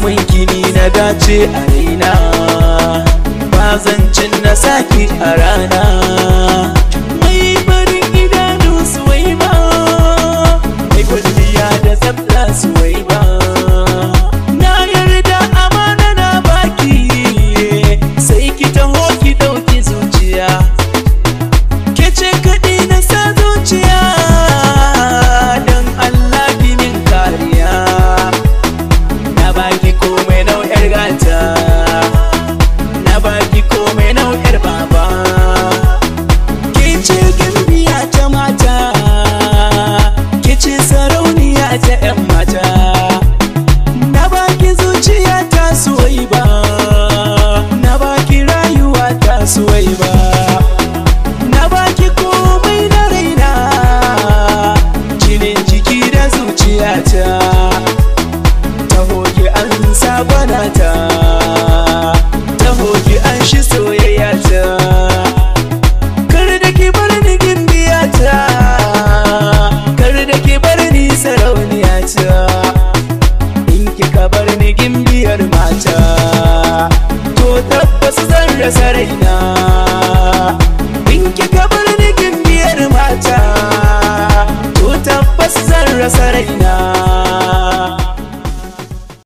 samun kini na dace a raina ba zancin na saki a rana rasa raina in kika bar ni biyar mata to tabbas zan rasa raina